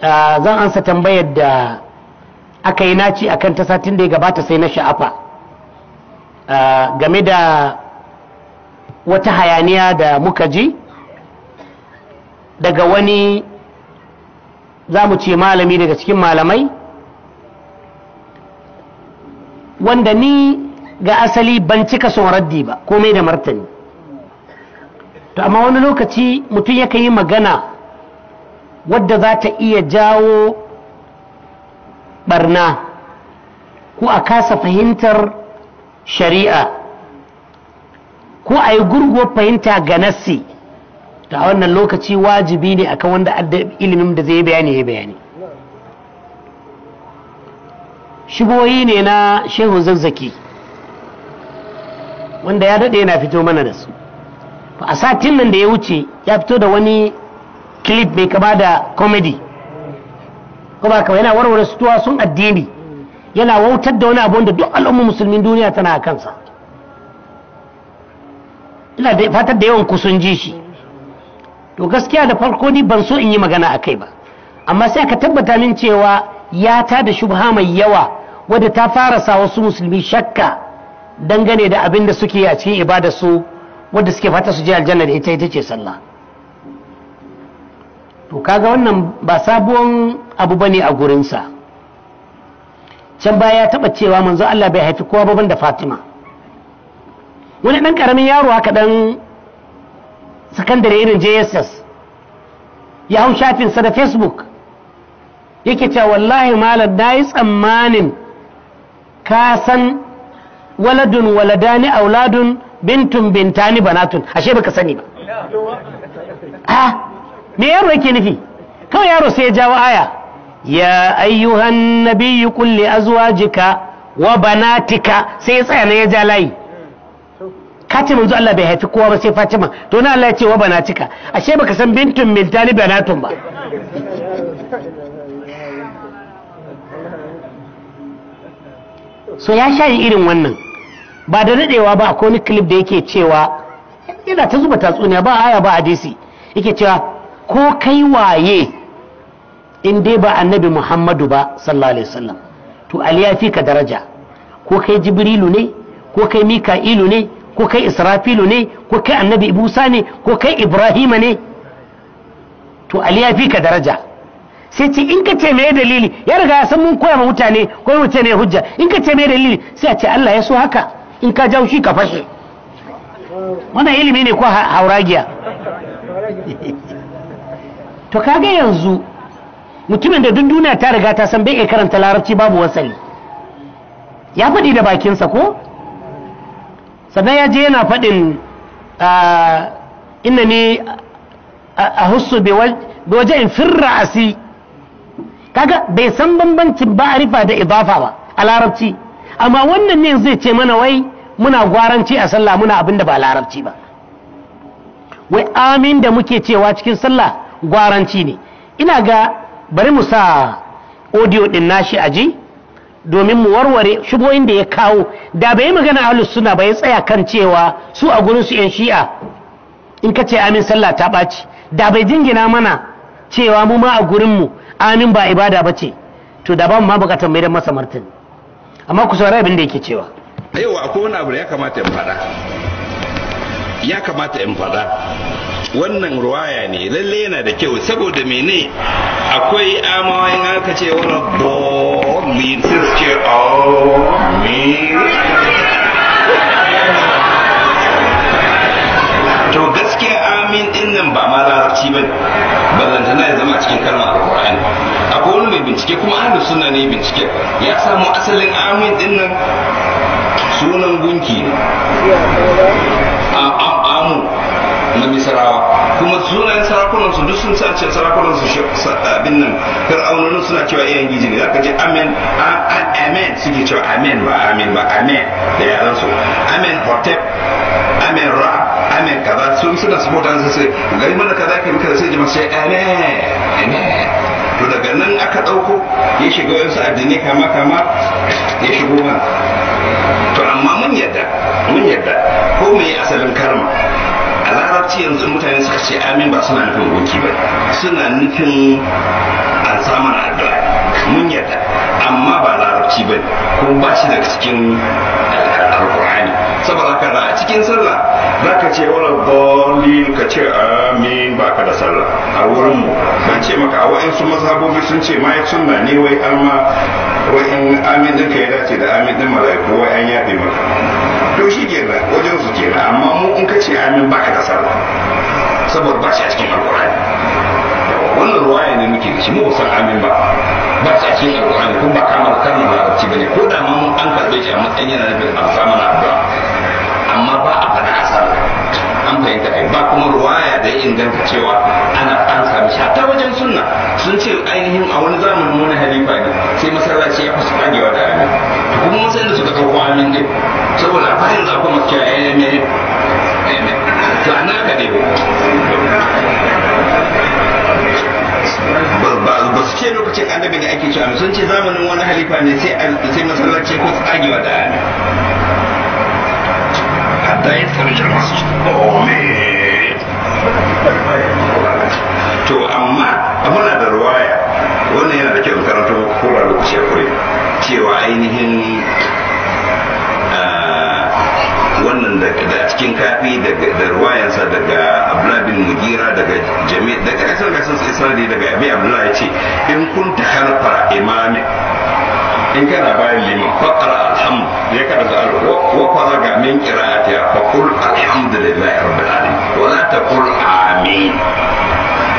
Ah, zan ansa tambayar da aka yi naci akan ta satin da ya gabata sai na sha'afa ah, game da wata hayaniya da muka ji daga wani za mu ce malami daga cikin malamai wanda ni ga asali ban cika son raddi ba komai da martani to amma wani lokaci mutum yakan yi magana wadda za ta iya jawo barna ko a kasa fahimtar shari'a ko a yi gurguwar fahimta ga nassi ta wannan lokaci wajibi ne akan wanda adda ilimin da zai bayani ya bayani shigoyi ne na shehu zazzaki wanda ya daɗe yana fito mana da su a satin nan da ya wuce ya fito da wani clip mai kama da comedy kuma kawai yana warware situwa sun addini yana wautar da wani abu da duk al'ummar musulmin duniya tana a kansa ina da fatar da yawan kusun ji shi to gaskiya da farko ni ban so in yi magana akai ba amma sai aka tabbata min cewa ya ta da shubha mai yawa wadda ta fara sa wasu musulmi shakka dangane da abin da suke a cikin ibada su wadda suke fata su je aljanna da ita ita ce sallah to kaga wannan ba sabuwan abu bane a gurinsa can baya ya taɓa cewa manzo Allah bai haifi kowa ba da Fatima wani ɗan ƙaramin yaro haka ɗan sakandare irin JSS ya hau shafinsa da Facebook yake cewa wallahi malam na yi tsammanin ka san waladun waladani auladun bintun bintani banatun ashe baka sani ba ah, me yaro yake nufi kawai yaro sai ya jawo aya ya ayyuhan nabiyyu qul li azwajika wa banatika sai ya tsaya ne ya ja layi kace manzo Allah bai haifi kowa ba sai Fatima to na Allah ya ce wa banatika ashe baka san bintun miltani banatun ba so ya shayi irin wannan ba da nadewa ba akwai wani clip da yake cewa yana ta zuba tatsuniya ba aya ba hadisi yake cewa ko kai waye in dai ba annabi muhammadu ba sallallahu alaihi wasallam to ali ya fi ka daraja ko kai jibrilu ne ko kai mika'ilu ne ko kai israfilu ne ko kai annabi musa ne ko kai ibrahima ne to ali ya fi ka daraja sai ce in ka ce mai dalili ya riga ya san mun koya ma mutane ko wuce ne hujja in ka ce mai dalili sai a ce Allah ya so haka in ka jawo shi ka fashe wannan ilimi ne ko hauragiya to kaga yanzu mutumin da dunduna ta riga ta san bai iya karanta larabci babu wasali ya faɗi da bakinsa ko sannan ya je yana faɗin ah, inna ne a husu waje in firra asi kaga bai san bambancin ba arifa da idafa ba a larabci amma wannan ne zai ce mana wai muna gwaranci a sallah muna abin da ba larabci ba wai amin da muke cewa cikin sallah gwaranci ne ina ga bari mu sa audio din nashi aji domin mu warware shugoyin da ya kawo da bai magana ahlus suna ba ya tsaya kan cewa su a gurin su yan shi'a in ka ce amin sallah ta ɓaci da bai jingina mana cewa mu ma a gurin mu amin ba ibada ba ce to da ba mu ma bukatar mai da masa martani amma ku saurari abin da yake cewa yau akwai wani abu da ya kamata in faɗa ya kamata in faɗa wannan ruwaya ne lalle yana da kyau saboda mene akwai amawa in aka ce wani bolin sai su ce amin to gaskiya amin din nan ba ma larabci ba ballantana ya zama cikin kalmar alkur'ani akwai wani mai bincike kuma an ahlus sunna ne bincike ya samu asalin amin din nan sunan gunki ne amu na misarawa kuma sunayen sarakunan su duk sun san sarakunan su abin nan fir'aunonin suna cewa iyayen giji ne zaka je amen amen suke cewa amen ba amen ba amen da yaran su amen hotep amen ra amen kaza sun suna supportan su sai gari mana kaza bi kaza sai jama'a sai amen to daga nan aka dauko ya shiga wasu addini kama kama ya shigo ba to amma mun yadda mun yadda ko mai asalin karma a larabci yanzu mutane suka ce amin ba suna nufin goki ba suna nufin an samun addu'a mun yarda amma ba larabci ba kuma ba shi daga cikin alkur'ani saboda ka a cikin sallah za ka ce wala dalil ka ce amin ba ka da sallah a wurin mu ban ce maka a wa'ansu mazhabobi sun ce ma sunna ne wai amma wai in amin din ka ya dace da amin din mala'iku wai an yafe maka to shi kenan wajen su kenan amma mu in ka ce amin ba ka da sallah saboda ba shi a cikin alkur'ani wannan ruwaya ne muke da shi mu san amin ba ba ta cikin alƙur'ani kun ba kamar kalmar ci bane ko da mun an karɓe shi a matsayin yana nufin an na addu'a amma ba a faɗa asar an fahimta ai ba kuma ruwaya da inganta cewa ana an sami shi hatta wajen sunna sun ce ainihin a wani zamanin wani halifa ne sai masallaci ya fasa kagewa da amin to kuma mun da suka ɗauko amin ne saboda a yanzu akwai kuma cewa ya ne to a naka ne ba su ce lokacin annabi da ake cewa sun ce zamanin wani halifa ne sai masallaci ko tsagewa da ana hatta ya tsaro jama'a to amma muna da ruwaya wannan yana da kyau karanta ko lokaci ya kure cewa ainihin wannan da cikin kafi da ruwayansa daga abdullahi bin mugira daga jami daga kasar kasar isra'ila daga abi abdullahi ya ce in kun ta harfa imamin in kana bayan liman faqara alhamdu ya kada karanta wa ga min qira'atiha fa qul alhamdulillahi rabbil alamin wa la kul amin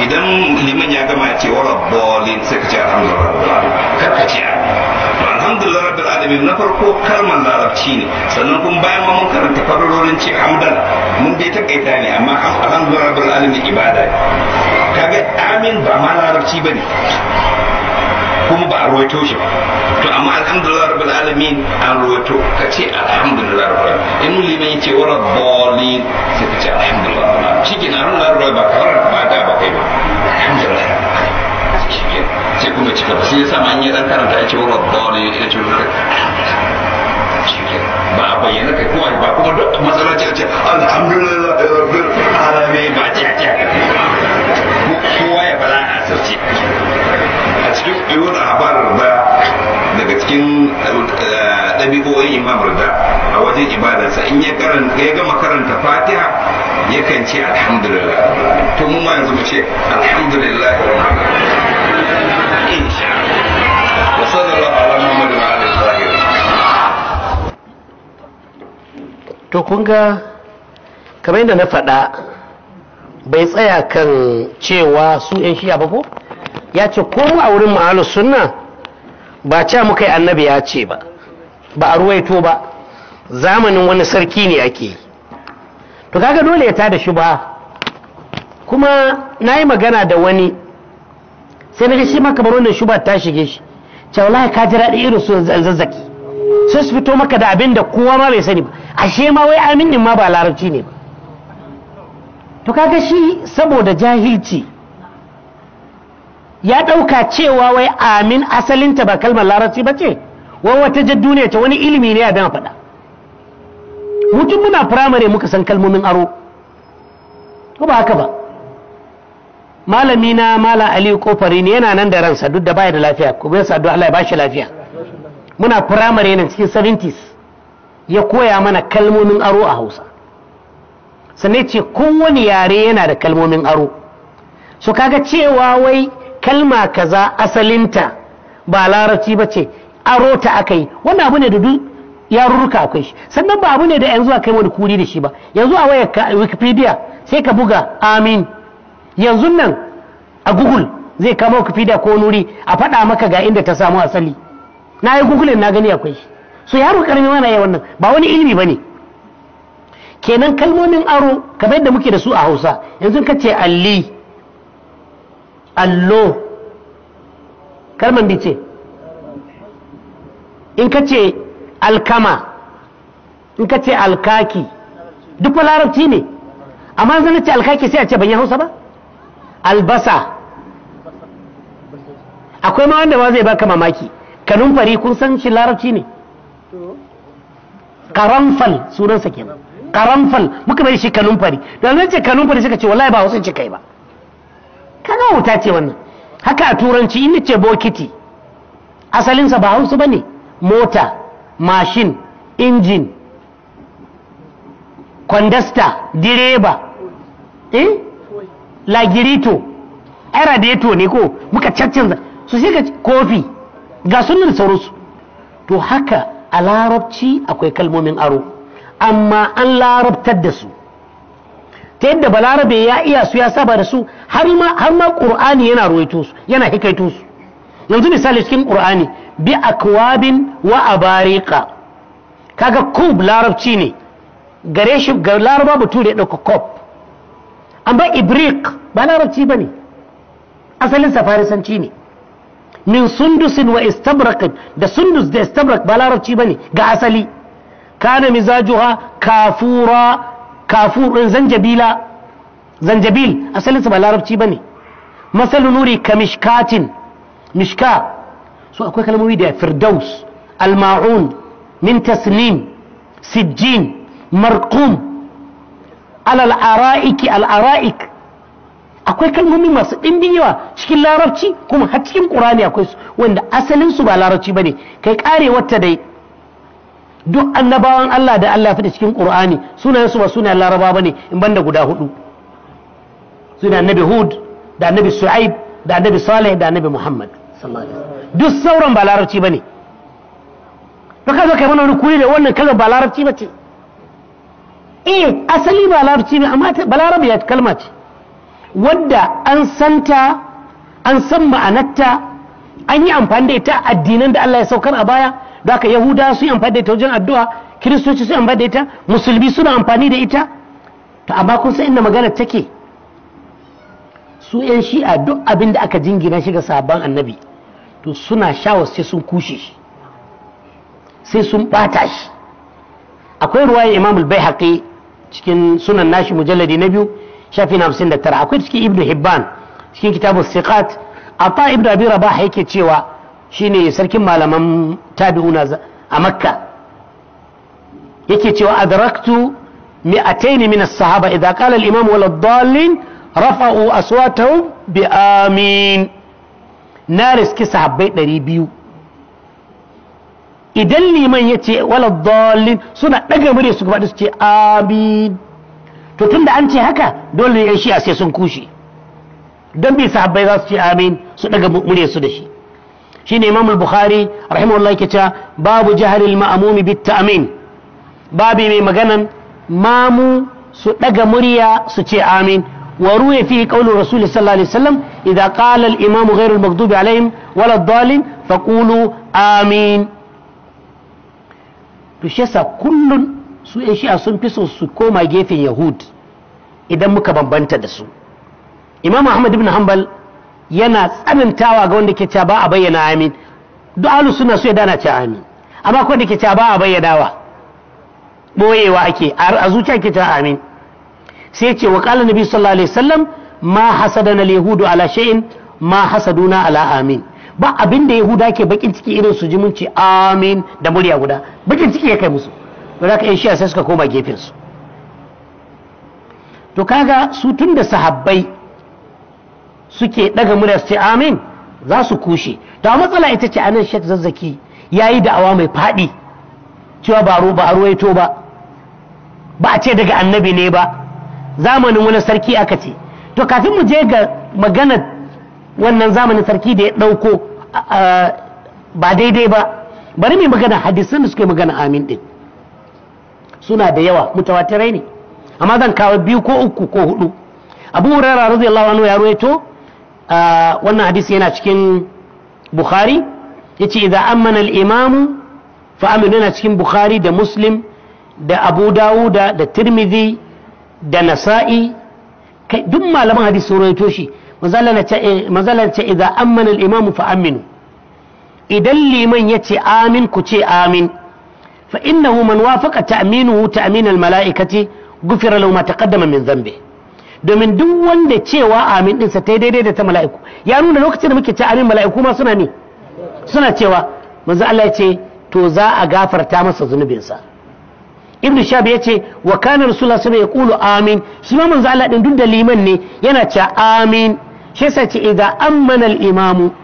idan liman ya gama ya ce wa rabbalin sai ka ce alhamdulillah kar ka ce alhamdulillah rabbil alamin na farko kalmar larabci ne sannan kuma bayan ma mun karanta farorin ce hamdan mun dai takaita ne amma alhamdulillah rabbil alamin ibada ne kaga amin ba ma larabci bane kuma ba a ruwaito shi ba amma alhamdulillah rabbil alamin an ruwato ka ce alhamdulillah rabbil alamin in liman yace wa rabbali sai ka ce alhamdulillah rabbil alamin shi kenan an ruwato ba kawar ba da ba kai ba alhamdulillah sai kuma cika ba sai ya sama an yi dan karanta yace wa rabbali ya ce ba a bayyana kai kuma ba kuma duk matsala ce ce alhamdulillah rabbil alamin ba ce ce kowa ya bala a sarki a cikin yiwuwar habar da cikin eh, ɗabi'o'in imam rida a wajen ibadarsa in ya gama karanta fatiha ya kan ce alhamdulillah to mu ma yanzu mu ce alhamdulillah ya Allah wa to kun ga kamar yadda na faɗa bai tsaya kan cewa su 'yan shiya ba ko ya ce ko a wurin ma'alus sunna ba ca muka yi annabi ya ce ba ba a ruwaito ba zamanin wani sarki ne ake yi to kaga dole ya tada ba kuma na yi magana da wani sai na shi maka bar wannan shuba ta shige shi cewa wallahi ka ji daɗi irin su zazzaki sai su fito maka da abin da kowa ma bai sani ba ashe ma wai aminin ma ba larabci ne ba to kaga shi saboda jahilci ya ɗauka cewa wai amin asalinta ba kalmar larabci ba ce wai wata jaddu duniya ta wani ilimi ne ya dama faɗa mutum muna firamare muka san kalmomin aro ko ba haka ba malami na mala ali kofari ne yana nan da ransa duk da baya da lafiya ko bai sa Allah ya bashi lafiya muna firamare nan cikin 70s ya koya mana kalmomin aro a Hausa sannan ce kowane yare yana da kalmomin aro so kaga cewa wai kalma kaza asalinta ba larabci ba ce aro ta aka yi wannan abu ne da duk yarurruka akwai shi sannan ba abu ne da yanzu akai wani kuri da shi ba yanzu a wayar wikipedia sai ka buga amin yanzu nan a google zai kama wikipedia ko nuri a faɗa maka ga inda ta samu asali na yi google na gani akwai shi so yaro karami mana yi wannan ba wani ilimi ba ne kenan kalmomin aro kamar yadda muke da su a hausa yanzu ka ce alli allo kalman bice in ka ce alkama in ka ce alkaki duk wa larabci ne amma zan ce alkaki sai a ce banyan hausa ba albasa akwai ma wanda ba zai baka mamaki fari kun san shi larabci ne karamfal sunansa kenan karamfal muka bai shi fari da zan ce fari suka ce wallahi ba wasu ce kai ba kaga wuta ce wannan haka a turanci in ce bokiti asalinsa ba hausa ba ne mota mashin injin kwandasta direba eh lagirito ai ne ko muka caccanza su shiga kofi ga sunan sauransu to haka a larabci akwai kalmomin aro amma an larabtar da su ta yadda balarabe ya iya su ya saba da su har ma har ma qur'ani yana ruwaito su yana hikaito su yanzu misali cikin qur'ani bi akwabin wa abariqa kaga kub larabci ne gare shi ga laraba bature ya dauka kub amma ibriq ba larabci bane asalin safarisanci ne min sundusin wa istabrak da sundus da istabrak ba larabci bane ga asali kana mizajuha kafura kafur zanjabila zanjabil asalinsa ba larabci ba ne masalu nuri ka mishkatin mishka so akwai kalmomi da firdaus alma'un min tasnim sijjin marqum alal ara'iki al ara'ik akwai kalmomi masu ɗimbin yawa cikin larabci kuma har cikin ƙurani akwai su wanda asalinsu ba larabci ba ne kai ƙare wata dai duk annabawan Allah da Allah fi fita cikin Qur'ani sunayensu ba sunayen Laraba bane in banda guda hudu suna annabi Hud da annabi Su'aib da annabi Saleh da annabi Muhammad sallallahu alaihi wasallam duk sauran ba larabci bane to kaza kai mana rukuni da wannan kalmar ba larabci bace eh asali ba larabci ne amma ba larabi ya kalma ce wadda an santa an san ma'anarta an yi amfani da ita addinan da Allah ya saukar a baya da yahuda sun amfani da ita wajen addu'a kiristoci sun amfani da ita musulmi suna amfani da ita to amma kun san inda magana take su yan shi'a duk abin da aka jingina shi ga sabon annabi to suna shawar sai sun kushe shi sai sun bata shi akwai ruwayan imam al haƙi cikin sunan nashi mujalladi na biyu shafi na hamsin da tara akwai cikin ibnu hibban cikin kitabun a ta ibnu abi rabah yake cewa shine sarkin malaman tabi'una a makka yake cewa adraktu mi'ataini min as-sahaba idza qala al-imam wal dallin rafa'u aswatahum bi amin na riski sahabbai 200 idan liman yace wal dallin suna daga mure su gaba su ce amin to tun da an ce haka dole ne yan shi'a sai sun kushi don bi sahabbai za su ce amin su daga mure su da shi shine imam bukhari rahimahullah yake cewa babu jahalil ma'mumi bit ta'min babi mai maganan mamu su daga murya su ce amin wa ruwa fi qawlu rasul sallallahu alaihi wasallam idza qala al-imam ghayru al-maghdubi alaihim wala ad-dallin faqulu amin to shi yasa kullun su yan shi'a sun fi so su koma gefen yahud idan muka bambanta da su imam ahmad ibn hanbal yana tsanantawa ga wanda ke cewa ba a bayyana amin duk alu suna so ya dana ce amin amma ko wanda ke cewa ba a bayyanawa boyewa ake a zuciya ke cewa amin sai ce wa qala nabi sallallahu alaihi wasallam ma hasadana yahudu ala shay'in ma hasaduna ala amin ba abin da yahuda ke bakin ciki irin su jimunci amin da murya guda bakin ciki ya kai musu ba ka yi shiya sai suka koma gefen su to kaga su tun da sahabbai suke daga murya su ce amin za su kushe da matsala ita ce anan shek zazzaki ya yi da'awa mai faɗi cewa ba a ruwaito ba ba a ce daga annabi ne ba zamanin wani sarki aka ce to kafin mu je ga magana wannan zamanin sarki da ya ɗauko ba daidai ba bari mai magana hadisan da suke magana amin din suna da yawa mutawatirai ne amma zan kawo biyu ko uku ko hudu abu hurairah radiyallahu anhu ya ruwaito wannan hadisi yana cikin bukhari ya ce idan amana al'imamu fa'aminu yana cikin bukhari da muslim da abu dawuda da tirmidhi da nasa'i duk malaman hadisi sun rawaito shi mazalar ce idan amana al'imamu fa'aminu idan liman ya ce amin ku ce amin Aminu ta Aminu تأمينه تأمين الملائكة غفر له ما تقدم من ذنبه domin duk wanda cewa amin ɗinsa ta daidai da ta mala'iku ya nuna lokacin da muke ce amin mala'iku ma suna ne suna cewa manzo Allah ya ce to za a gafarta masa zunubinsa ibn shab ya ce wa kana rasulullah suna ya Kulu amin shi ma manzo Allah din duk da liman ne yana ci amin shi yasa ce idan amana al-imamu